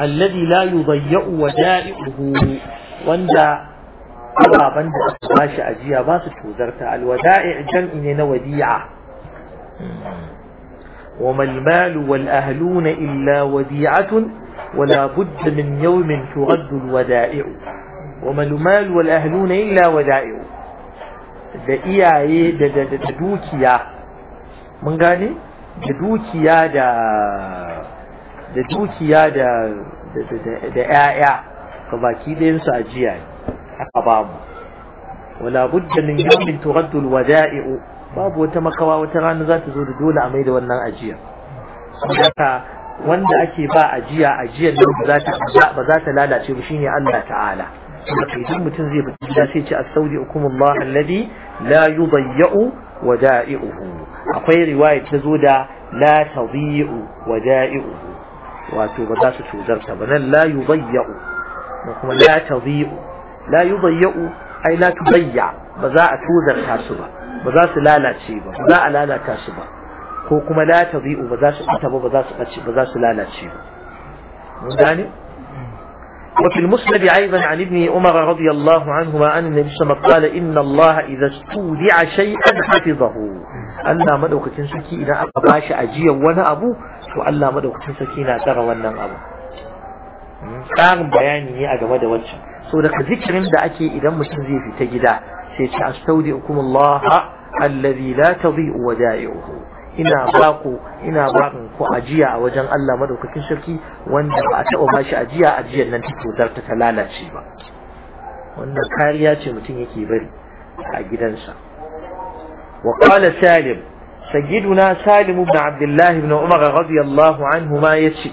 الذي لا يضيع ودائعه وندا ابا بند aka اجيا ajiya ba الودائع جمع من وديعه وما المال والأهلون إلا وديعة ولا بد من يوم ترد الودائع وما المال والأهلون إلا ودائع da iyaye da da da dukiya mun gane da dukiya da da dukiya da da ‘ya'ya ga baki ɗayansu ajiya aka ba mu wala budda min yawmin turaddul wada'i'u babu wata makawa wata rana za ta zo da dole a mai da wannan ajiya saboda wanda ake ba ajiya ajiyar nan ba za ta lalace ba shine Allah ta'ala idan mutum zai fita gida sai ce astaudi hukumullah alladhi la yudayya'u wada'i'uhu akwai riwaya ta zo da la tadhi'u wada'i'uhu واتو بداس تودرتا بنن لا يضيع وكما لا تضيع لا يضيع أي لا تضيع بزاء تودر تاسبا بزاس لا لا تشيبا بزاء لا لا تاسبا وكما لا تضيع بزاس أتبا بزاس لا لا تشيبا مداني وفي المسند عيبا عن ابن عمر رضي الله عنهما أن النبي صلى الله عليه وسلم قال إن الله إذا استودع شيئا حفظه ألا مدوكة تنسكي إذا أباش أجي وانا أبو وألا مدوكة تنسكي لا ترى وانا أبو كان بياني أجمع دوتش سورة ذكر من أكي إذا مشنزي في تجدا سيتعستودعكم الله الذي لا تضيء ودائعه ina ba ku ina ba ku ajiya a wajen Allah madaukakin sarki wanda ba a taɓa ba shi ajiya ajiyar nan ta cutar ta lalace ba wannan kariya ce mutum yake bari a gidansa wa qala salim sayyiduna salim ibn abdullah ibn umar radiyallahu anhu ma yace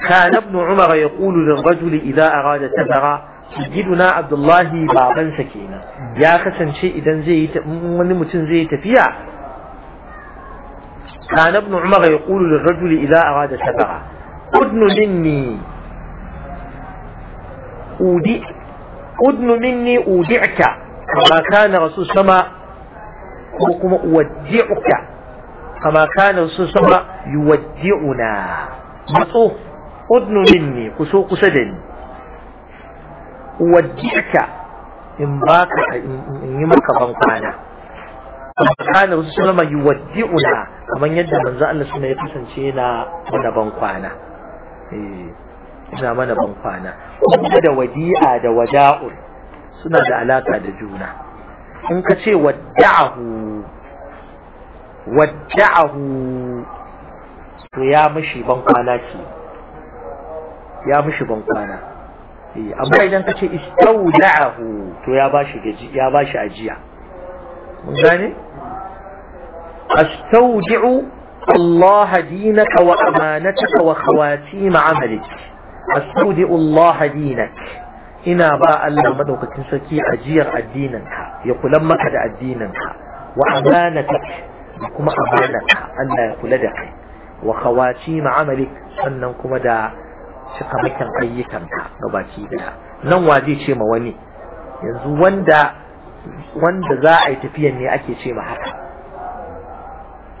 كان Umar عمر يقول rajuli إذا أراد سفرا سيدنا عبد الله Abdullahi babansa kenan, ya kasance إذا wani mutum zai yi tafiya? كان ابن عمر يقول للرجل إذا أراد سفرا أدن مني أودئ أدن مني أودعك كما كان رسول سما وكما أودعك كما كان رسول سما يودعنا مطوف أدن مني قسوق سدني أودعك إن باك إن يمك فانقانا كما كان رسول سما يودعنا kamar yadda manzo Allah suna ya kasance na mana ban kwana ina eh, mana ban kwana kuma da wadi'a da wada'ul suna da alaka da juna in ka ce wada'ahu wada'ahu to ya mishi ban kwana ke ya mishi ban kwana eh, amma idan ka ce istawda'ahu to ya bashi ya bashi ajiya mun gane أستودع الله دينك وأمانتك وخواتيم عملك أستودع الله دينك إنا باء الله مدوك تنسكي أجير أدينك يقول لما كد أدينك وأمانتك كما امانتك ألا يقول لك وخواتيم عملك سننكم دا شكمكا قيكا نباتي دا نوادي شيء مواني ينزو وندا وندا زائي تفيا ني أكي شيء محاكا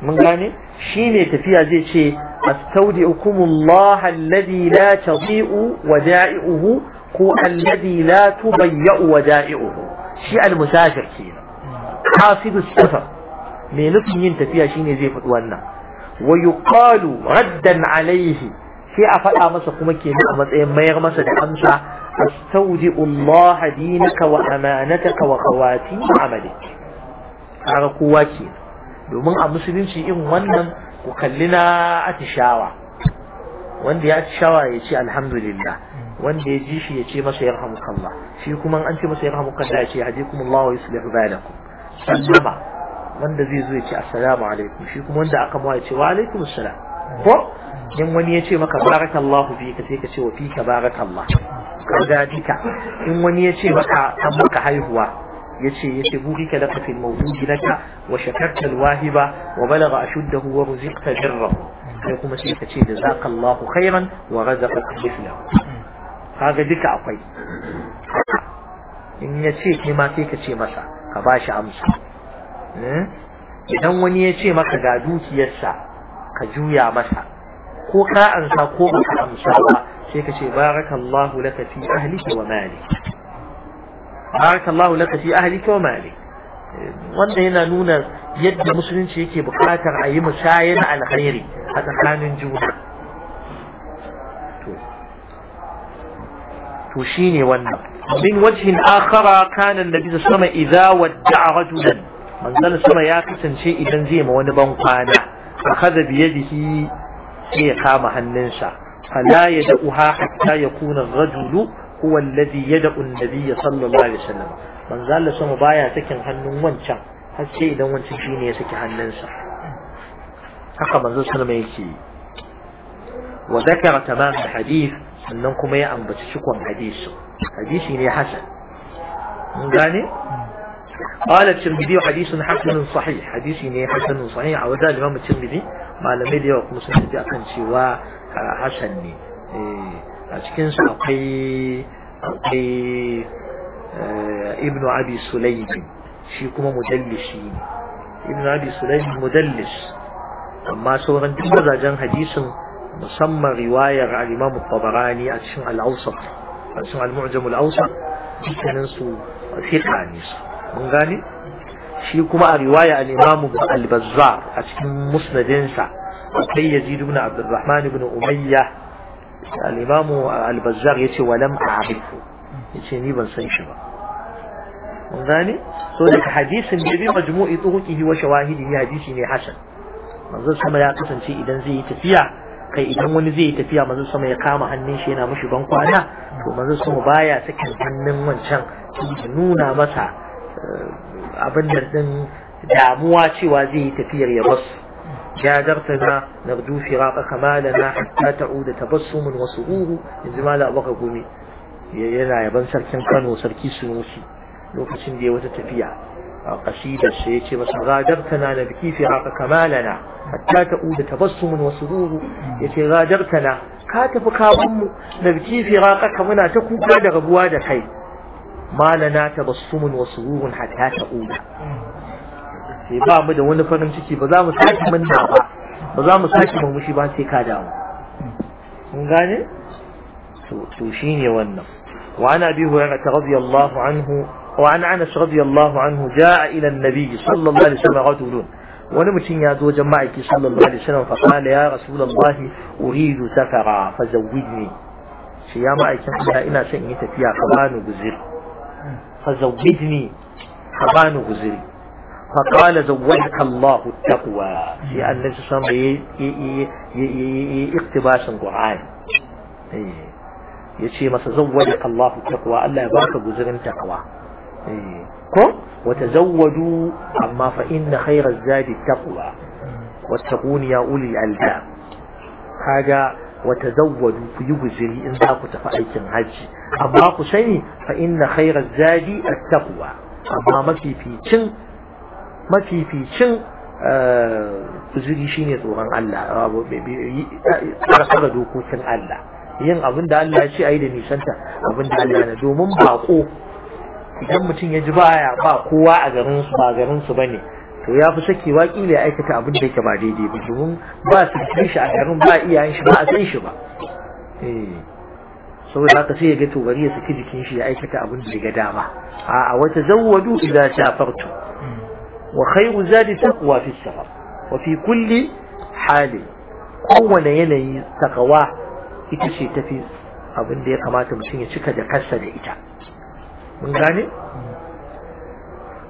من قاني شيني تفيع زيتي أستودعكم الله الذي لا تضيء ودائعه هو الذي لا تضيء ودائعه شيء المسافر كينا حاصد السفر من نتنين تفيع شيني زي فتوانا ويقال ردا عليه شيء أفعل أمسا قمكي نعمد إيه ميغمسا جعمسا أستودع الله دينك وأمانتك وخواتي عملك على قواتينا domin a musulunci in wannan ku kalli na atishawa wanda ya atishawa ya ce alhamdulillah wanda ya ji shi ya ce masa ya yarhamukallah shi kuma an ce masa ya yarhamukallah ya ce kuma hadikumullah wa yuslihu balakum sallama wanda zai zo ya ce assalamu alaikum shi kuma wanda aka mawa ya ce wa alaikum assalam ko in wani ya ce maka barakallahu fika sai ka ce wa fika barakallah kaga dika in wani ya ce maka an maka haihuwa يشي يشي بورك لك في الموجود لك وشكرت الواهب وبلغ أشده ورزقت بره يقوم سيكا شيء جزاك الله خيرا ورزقك مثله هذا ديك أقوي in ya ce ke ma sai ka ce masa ka ba shi amsa idan wani ya ce maka ga dukiyarsa ka juya masa ko ka ansa ko baka amsa ba sai ka ce barakallahu laka fi ahlika wa malik بارك الله لك في أهلك ومالك وأنت هنا نونا يد مسلم شيك بقاتل أي مشاين على خيري هذا كان نجوم توشيني وانا من وجه آخر كان النبي صلى الله عليه وسلم إذا ودع رجلا من ذا السماء يقسم شيء إذا زيم وانا بنقانا أخذ بيده شيخا قام فلا يدعها حتى يكون الرجل هو الذي يدعو النبي صلى الله عليه وسلم من ذا لسو مبايا تكن هنن وانشا هل شيء دون وانشا جيني يسكي هننسا حقا من ذا سنة ميكي وذكر تمام الحديث أنكم يا أم بتشكوا حديث حديث يعني حسن من قاني قال الترمذي حديث حسن صحيح حديث يعني حسن صحيح أو ذا الإمام الترمذي ما لم يدي وقم سنتي أكن سوى آه، حسن إيه. a cikinsu akwai akwai ibnu abi sulaimi shi kuma mudallishi ne ibnu abi sulaimi mudallis amma sauran duk mazajen hadisin musamman riwayar al-imam tabarani a cikin al-awsat a cikin al-mu'jam al-awsat dukkanin su fiqa ne su mun gane shi kuma a riwaya al-imam al-bazzar a cikin musnadinsa akwai yazid ibn abdurrahman ibn umayyah al'imamu al-bazzar ya ce walam a arifu ya ce ni ban san shi ba mun gane so daga hadisin da bi majmu'i tuhuqihi wa shawahidi hadisi ne hasan manzon sama ya kasance idan zai yi tafiya kai idan wani zai yi tafiya manzon sama ya kama hannun shi yana mishi ban kwana to manzon sama baya sakin hannun wancan ya nuna masa abin da din damuwa cewa zai yi tafiyar ya basu جادرتنا نغدو فراقك ما لنا حتى تعود تبسم وسرور من زمان أبقى قومي يلا يا بن سركي كانوا سركي سنوسي لو كنت دي وتا تفيا قصيدة سيتي بس غادرتنا نبكي فراقك ما لنا حتى تعود تبسم وسرور يتي غادرتنا كاتب كابم نبكي فراقك منا تكوكا دغبوا دكاي ما لنا تبسم وسرور حتى تعود sai ba mu da wani farin ciki ba za mu sake manna ba ba za mu sake murmushi ba sai ka damu kun gane to to shine wannan وعن أبي هريرة رضي الله عنه وعن أنس رضي الله anhu جاء ila annabi sallallahu alaihi wasallam وسلم رجل wani mutum ya zo jama'a ki sallallahu alaihi wasallam fa qala ya rasulullah uridu safara fa zawwijni shi ya ma'aikin Allah ina son yi tafiya ka bani guzuri fa zawwijni ka bani guzuri فقال زودك الله التقوى يعني نفس الإسلام اقتباس القرآن يشي ما زوجك الله التقوى ألا إيه. يبارك جزر التقوى إيه. كم وتزوجوا أما فإن خير الزاد التقوى واتقون يا أولي الألباب هذا وتزودوا في يبزري إن ذاك تفأيك الحج أما فإن خير الزاد التقوى أما ما في في mafificin kuzuri eh, shine tsoron Allah tsara dokokin Allah yin abin da Allah ce a yi da nisanta abin da Allah na domin bako idan mutum ya ji baya ba kowa a garin su ba garin su bane to ya fi sakewa kila ya aikata abin da yake ba daidai ba domin ba su shi a garin ba iyayen shi ba a san shi ba eh, saboda haka sai ya ga tubari bari ya saki jikin shi ya aikata abin da ya ga dama a wata zawwadu idza shafartu وخير زاد تقوى في السفر وفي كل حال كون يلي تقوى يتشي تفي أبن دي كما تمشي يشكى دكسة دعيتا من غاني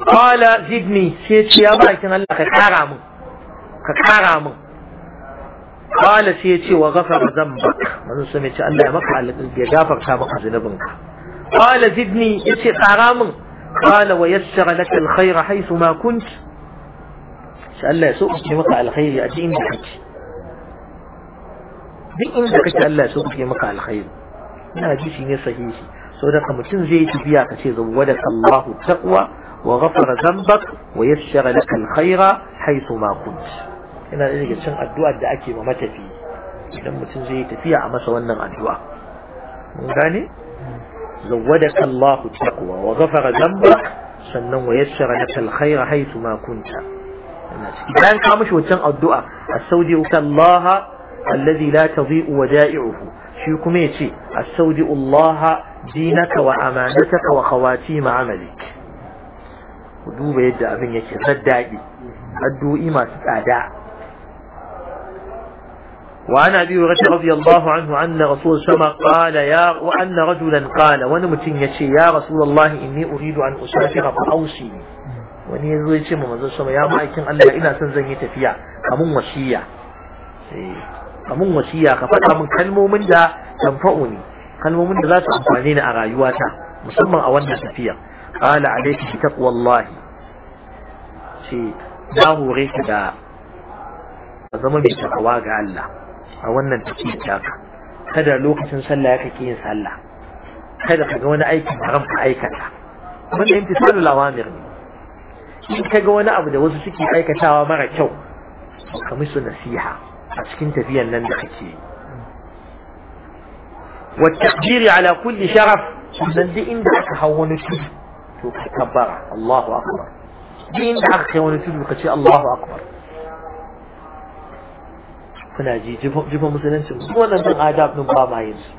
قال زدني سيتي أبا يتنى الله كتارام كتارام قال سيتي وغفر ذنبك من سمعت أن الله مقع لك يجافر كامق زنبنك قال زدني يتشي كارام قال ويسر لك الخير حيث ما كنت سأل لا سؤك في مقع الخير يأتي إنك دي إنك سأل لا سؤك في مقع الخير لا جيسي نصحيسي صدق متنزيت بياك سيذو ولك الله التقوى وغفر ذنبك ويسر لك الخير حيث ما كنت إنا إذنك سنع الدعاء دعاكي ومتى فيه إذن متنزيت فيها عمس ونغ الدعاء مغاني؟ مغاني؟ زودك الله التقوى وغفر ذنبك سنن ويسر لك الخير حيث ما كنت إذا كامش وتن الدعاء أستودئك الله الذي لا تضيء ودائعه شو كميتي أستودئ الله دينك وأمانتك وخواتيم عملك ودوب يد أبن يكي غدائي أدو إما تتعداء وعن أبي هريرة رضي الله عنه أن رسول صلى الله عليه وسلم قال يا وأن رجلا قال وأنا متنيتي يا رسول الله إني أريد أن أسافر فأوصي وأني يزوي شيء من رسول يا مايكن أن إنا سنزني تفيا أمون وشيا أمون إيه، وشيا كفتا من كلمه من ذا تنفعني كلمه من ذا تنفعني أرى يواتا مسمى أوانا تفيا قال عليك بتقوى الله شيء لا هو ريك ذا زمان بتقوى الله a wannan tafiyar taka kada lokacin sallah ya kake yin sallah kada ka ga wani aikin haram ka aikata wanda imtisalul awamir ne in ka ga wani abu da wasu suke aikatawa mara kyau ka musu nasiha a cikin tafiyar nan da kake yi والتقدير على كل شرف sannan duk inda aka hau wani tudu to ka kabbara Allahu akbar duk inda aka kai wani tudu ka ce Allahu akbar kuna ji jifan musulunci wannan din adab din ba ma yin su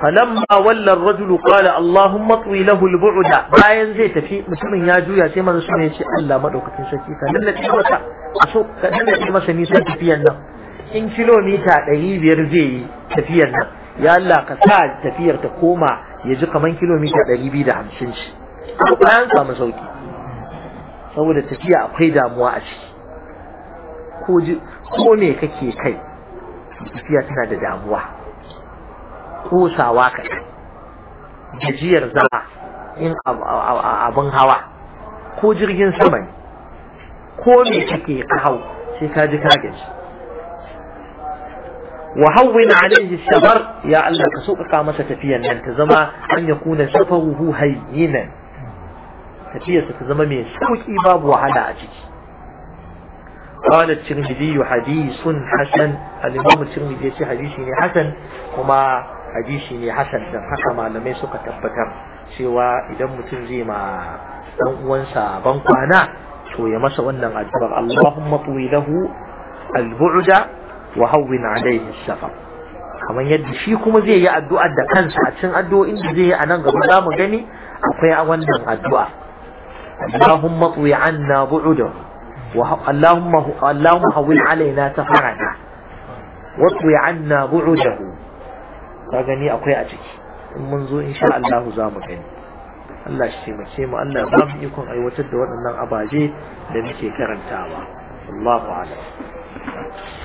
falamma walla ar-rajul qala allahumma twi lahu al-bu'da bayan zai tafi mutumin ya juya sai manzo sun ce Allah madaukakin sarki ka lallace masa so ka lallace masa nisan tafiyan nan in kilomita 500 zai yi tafiyan nan ya Allah ka sa tafiyar ta koma ya ji kaman kilomita 250 ce bayan samu sauki saboda tafiya akwai damuwa a ciki ko me kake kai tafiya tana da damuwa kosawa ka gajiyar zama in abin hawa ko jirgin saman. ne ko me kake ka hau sai ka ji ka gaji wa hawwin alaihi Shabar! ya Allah ka sauƙaƙa masa tafiyan nan ta zama an ya kuna safaruhu hayyinan tafiyarsa ta zama mai sauƙi babu wahala a ciki قال الترمذي حديث حسن الإمام الترمذي يتي حديثي حسن وما حديثي حسن دم حكى ما لم يسوك تبتر سوى إذا مترزي ما وانسى بنقانا سوى يمسى ونن أجبر اللهم طوي له البعد وهون عليه السفر kamar yadda shi kuma zai yi addu'a da kansa a cikin addu'o'in da zai yi a nan gaba za mu gani akwai wannan addu'a Allahumma tuwi bu'udahu اللهم اللهم هون علينا سفرنا واطوي عنا بعده kagani akwai a ciki in mun zo insha Allah za mu gani Allah shi taimake mu Allah ba mu ikon aiwatar da waɗannan abaje da muke karantawa Allahu a'lam